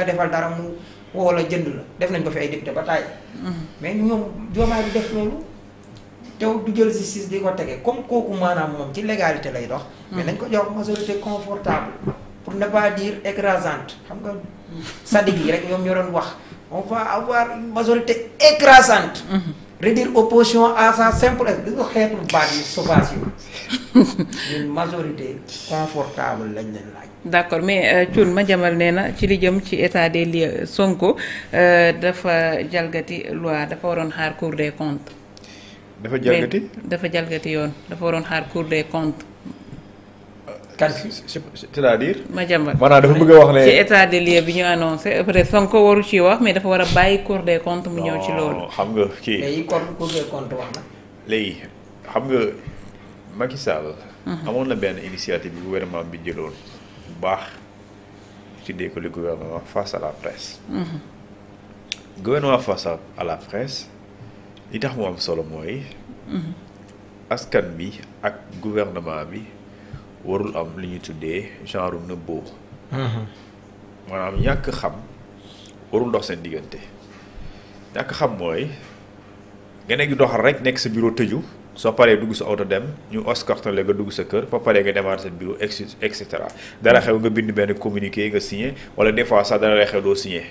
nga defal dara mu woo la jënd la def nañ ko fi ay député ba taay. mais ñoom joomaay du def loolu. tew du jël justice di ko tege comme kooku maanaam moom ci légalité lay dox. mais nañ ko jox majorité confortable pour ne pas dire écrasante xam nga sadik yi rek ñoom ñoo doon wax on va avoir majorité écrasante. réduire opposition à sa simple di ko xeetu baat yi sauvage majorité confortable lañ leen laaj. d' accord mais euh, Thioune Madiambal nee na ci li jëm ci état des lieux Sonko euh, dafa jalgati loi dafa waroon xaar cour des comptes. dafa jalgati dafa jalgati yoon dafa waroon xaar cour des comptes. kan c'est-à-dire. dafa bëgg a wax ne. ci état des lieux bi ñu annoncé après Sonko waru ci wax mais dafa war a bàyyi Cour des comptes mu ñëw ci loolu. xam nga kii léegi Cour des comptes na. Mhm. amoon na benn initiative bi gouvernement bi jëloon bu baax tuddee ko le gouvernement face à la presse. Mhm. gouvernement face à la presse li tax mu solo mooy. Mhm. askan bi ak gouvernement bi. warul am li ñu tuddee genre nëbboo mhm. maanaam ñàkk xam warul dox seen diggante ñàkk xam mooy nga nekk doxal rek nekk sa bureau tëju soo paree dugg sa oto dem ñu escortale nga dugg sa kër ba paree nga demaat sa bureau et cetera dara xew nga bind benn communiqué nga signé wala des fois sax dara lay xew doo signé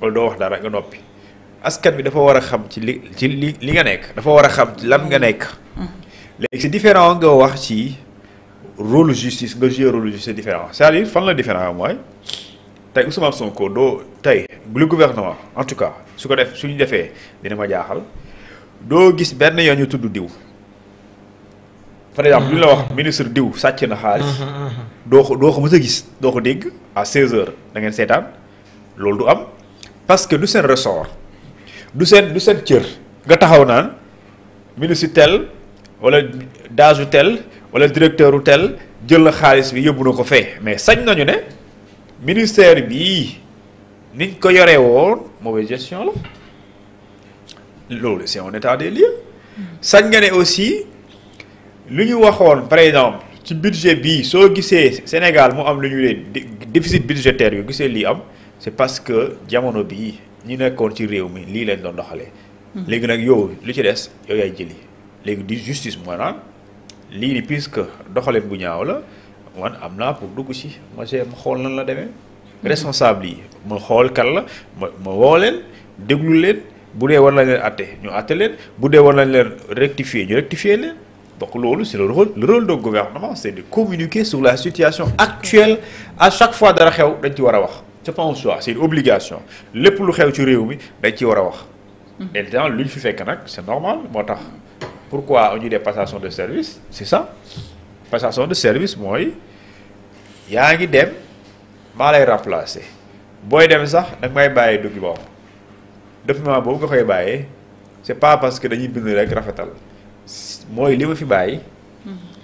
wala doo wax dara nga noppi askan bi dafa war a xam ci li ci li li nga nekk dafa war a xam ci lan nga nekk mhm. léegi c'est différent nga wax ci rôle justice nga jouer rôle justice différent cest fan la différent mooy tey Ousmane Sonko doo tey lu gouvernement en tout cas su ko def suñu defee dina ma jaaxal doo gis benn yoon ñu tudd diw par exemple lu ñu la wax ministre diw sàcc na xaalis mhm, mhm. doo ko doo ko mës gis doo ko dégg à 16 heures da ngeen seetaan loolu du am parce que du seen ressort du seen du seen cër nga taxaw naan ministre tel wala daaju tel wala directeur wu tel jël na xaalis bi yóbbu na ko fee mais sañ nañu ne ministère bii niñ ko yore woon mauvaise gestion la loolu c'est un état des lieux sañ nga ne aussi li ñu waxoon par exemple ci budget bii soo gisee Sénégal mu am lu ñu leen déficit budgétaire yu gisee lii am c'est parce que jamono bii ñu nekkoon ci réew mi lii leen doon doxalee hmm. léegi nag yow lu ci des yow yaay jëli léegi di justice mooy naan lii ni puisque doxalin bu ñaaw la wan am naa pour dugg ci ma jéem xool nan la demee mhm. responsable yi ma xool kan la ma ma woo leen déglu leen bu dee war nañ leen atte ñu atte leen bu dee war nañ leen rectifier ñu rectifier leen donc loolu c'est le rôle le rôle du gouvernement c'est de communiquer sur la situation actuelle à chaque fois dara xew dañ ci war a wax ca pas c'est une obligation lépp lu xew ci réew mi dañ ci war a wax mhm. et luñ fi fekk nag c'est normal moo tax pourquoi on dit des passations de service c'est ça passation de service mooy yaa ngi dem maa lay remplacer booy dem sax da bàyyee may bàyyi document document boobu nga koy bàyyee c'est pas parce que dañuy bind rek rafetal mooy li ma fi bàyyi.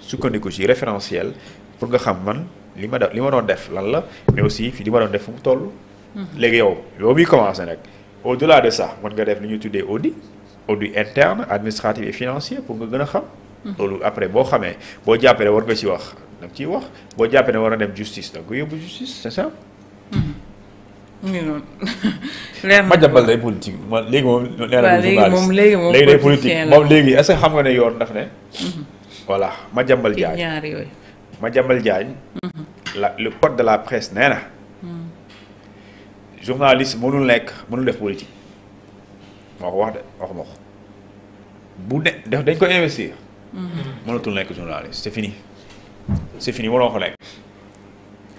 sukkandiku ci référentiel pour nga xam man li ma def li ma doon def lan la mais aussi fi li ma doon def fu mu toll. Mm-hmm. léegi yow yow muy commencé nag au laa de ça mën nga def li ñuy tuddee audit. audit interne administratif et financier pour nga gën a xam. loolu après boo xamee boo jàppee war nga ci wax da nga ciy wax boo jàppee ne war a dem justice da nga ko yóbbu justice c'est ça. ma jàppal day politique man léegi moom. léegi moom léegi moom moom léegi est-ce que xam nga ne yoon daf ne. Mhm. voilà ma jàmbal jaañ ñaar ma jàmbal jaañ. la le code de la presse nee na. Mhm. journaliste mënul nekk mënul def politique. moo ko wax de waxuma ko bu de def dañ ko investir. Mm-hmm. mënatul nekk journaliste c'est fini c'est fini waroo ko nekk.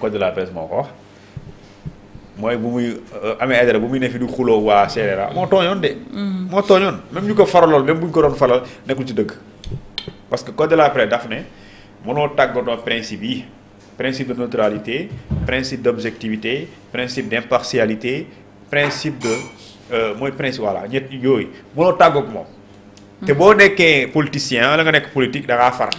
code de la presse moo ko wax mooy bu muy euh, amee ay bu muy ne du xuloo waa CNRA moo tooñoon de. Mm-hmm. moo tooñoon même ñu ko faraloon même bu ñu ko doon faral nekkul ci dëgg. parce que code de la presse daf ne mënoo tàggatoo principe yi principe de neutralité principe d'objectivité principe d'impartialité principe de. Euh, mooy principe voilà ñett yooyu mënoo tàggoog moom. te boo nekkee politicien wala nga nekk politique da far.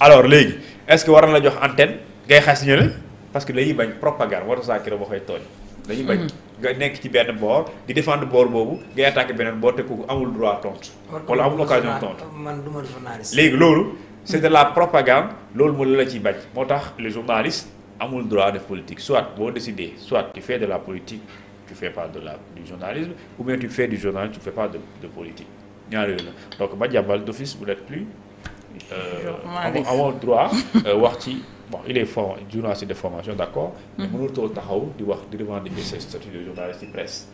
alors léegi est-ce que war na la jox antenne ngay xas ñële parce que dañuy bañ propagande war na saa kii la koy tooñ. dañuy bañ mhm. nga nekk ci benn boor di défendre boor boobu ngay attaqué beneen boo te ku amul droit tontu. wala amul occasion tontu man ma journaliste. léegi loolu c'est de la propagande loolu moo la ciy bañ moo tax les journalistes amul droit def politique soit boo décidé soit tu fais de la politique. tu fais pas de la du journalisme ou bien tu fais du journalisme tu fais pas de de politique ñaar yooyu la donc Madiambal d'office vous n'êtes plus. Euh, journaliste droit euh, wax ci bon il est fort journaliste de formation d'accord. mais mm-hmm. mënutoo taxaw di wax di revendiquer ce statut de journaliste ci presse.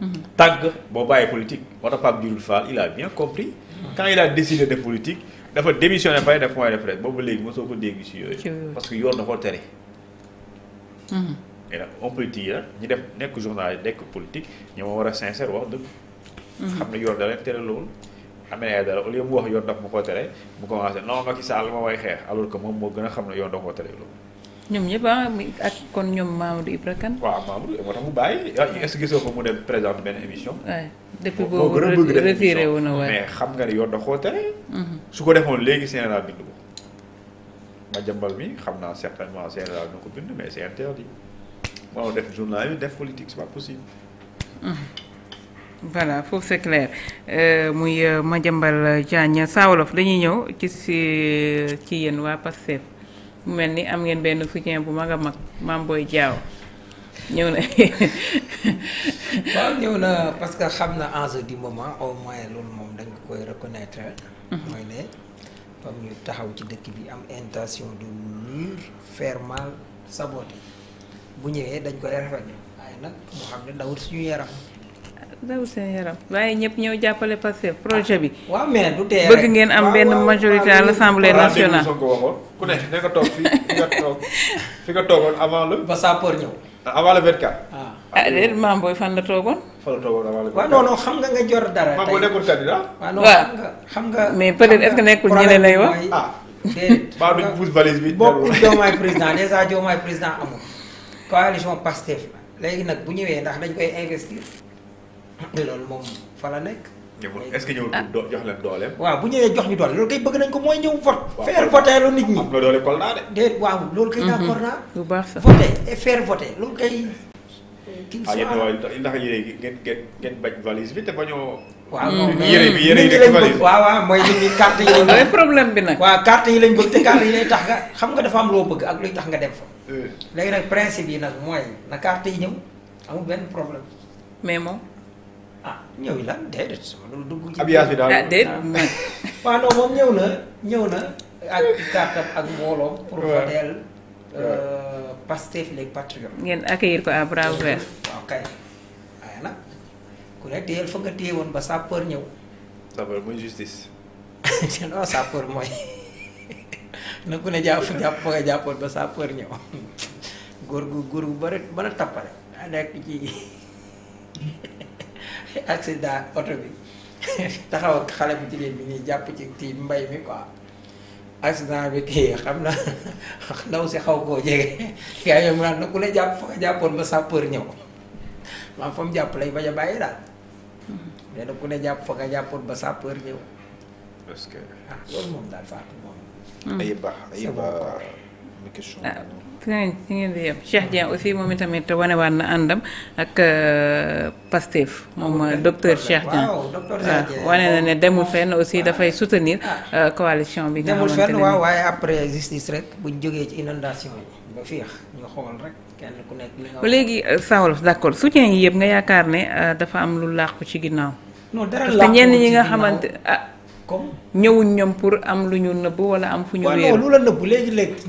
Mm-hmm. tàgg boo bàyyee politique moo tax Pape Djibril Fall il a bien compris. Mm-hmm. quand il a décidé de politique dafa démissionné ba def point de presse boobu léegi mosoo ko dégg si yooyu. parce que yoon dafa et nag homme yi nag ñu def nekk journal nekk politique ñoo ma war a sincère wax dëgg. Mhm. xam ne yoon da leen tere loolu. amee na dara au lieu mu wax yoon daf ko tere mu commencé non Macky Sall ma moom moo gën a xam ne yoon dafa ko tere loolu. ñoom ñëpp ah, kon ñoom Mamadou Ibra Kane. waaw Mamadou moo tax mu bàyyi ah, est gisoo ko mu dem présente benn émission. waaw depuis boobu retiré wu na waay mais xam nga ne yoon dafa ko tere. Mhm. su ko defoon léegi Sénégal bind ko. ma jëmbal mi xam naa certainement Sénégal nu ko bind mais c'est interdit. waaw def journal def politique c'est pas possible. Ah. voilà foofu c'est clair euh, muy euh, Madiambal Diagne Saa Wolof dañuy ñëw ci ci yéen waa Pastef mu mel ni am ngeen benn soutien bu mag a mag Mame Boye Diao ñëw na. waaw ñëw na parce que xam na enjeu du moment au moins loolu moom dañ koy reconnaître. Mhm. mooy ne comme taxaw ci dëkk bi am intention de nuire faire mal bu ñëwee dañ ko rafetlu waaye nag mu xam ne dawul suñu yaram. dawul seen yaram waaye ñëpp ñëw jàppale Pastef projet bi. waaw mais du tee bëgg ngeen am benn majorité à l'Assemblée nationale. ku ne ne nga toog fi nga toog fi avant le. ba Sapor ñëw. avant le 24. Ah. ah déedéet maam booy fan la toogoon. fan la toogoon avant le 24 waaw non non xam nga xam nga mais peut-être est nekkul ñeneen lay wax. ah déedéet. baax nañu pousse valise bi. bokkul Diomaye président déjà Diomaye président amul. coalition Pastef la léegi nag bu ñëwee ndax dañ koy investir loolu moom fa la nekk. est ce ñëw jox leen dooleem. Ah. waaw bu ñëwee jox ñu doole loolu kay bëgg nañ ko mooy ñëw vote. waaw faire voter lu nit ñi. am de. waaw loolu kay. Mhm. d'accord naa. bu baax sax voter et faire voter loolu kay. kii ah yéen waaye ndax yére yi ngeen ngeen ngeen bañoo. waaw moom yére bi yére yi nekk valise waaw waaw mooy nit ñi carte yi lañ bëgg problème bi nag. waaw carte yi lañ bëgg te carte yi lay tax nga xam nga dafa loo bëgg ak luy tax nga dem fa. léegi nag principe yi nag mooy na carte yi ñëw amul benn problème. mais moom. ah ñëw lan déedéet sama loolu dugg ci. abiyaas bi daal ah déet. waaw non moom ñëw na ñëw na ak carte ak mbooloom. pour voter. Pastef les patriotes. ngeen accueillir ko à bras ouvert. waaw kay waaye nag ku ne téyel fa nga téye woon ba sapeur ñëw. sapeur mooy justice. non sapeur mooy na ku ne jàpp fa nga jàppoon ba sapeur ñëw góor gu góor gu bëri mën a tappale a nekk ci accident oto bi taxaw ak xale bi jigéen bi nii jàpp ci ci mbay mi quoi. accident bi kii xam na ndaw si xaw koo jege gars yi naan na ku ne jàpp fa nga jàppoon ba sapeur ñëw maam fa jàpp lay bañ a bàyyi daal mais hmm. nag ku ne jàpp fa nga jàppoon ba sapeur ñëw. parce que ah loolu moom daal faatu moom. ayib ba ayib ba ah keneen di yem Cheikh Dieng aussi moom itamit wanewaat na àndam ak euh, Pastef moom docteur Cheikh Dieng waaw ah, wane na ne oh. demul fenn aussi ah. dafay soutenir ah. euh, coalition bi. nga demul waaye après justice rek buñ jógee ci inondation yi ba xool ku nekk li nga wax léegi euh, Sawolof d'accord soutien yi yëpp nga yaakaar ne dafa am lu làqu ci ginnaaw. non parce que ñenn ñi nga xamante ah. comme ñëwuñ ñoom pour am lu ñu nëbb wala am fu ñu. wéeru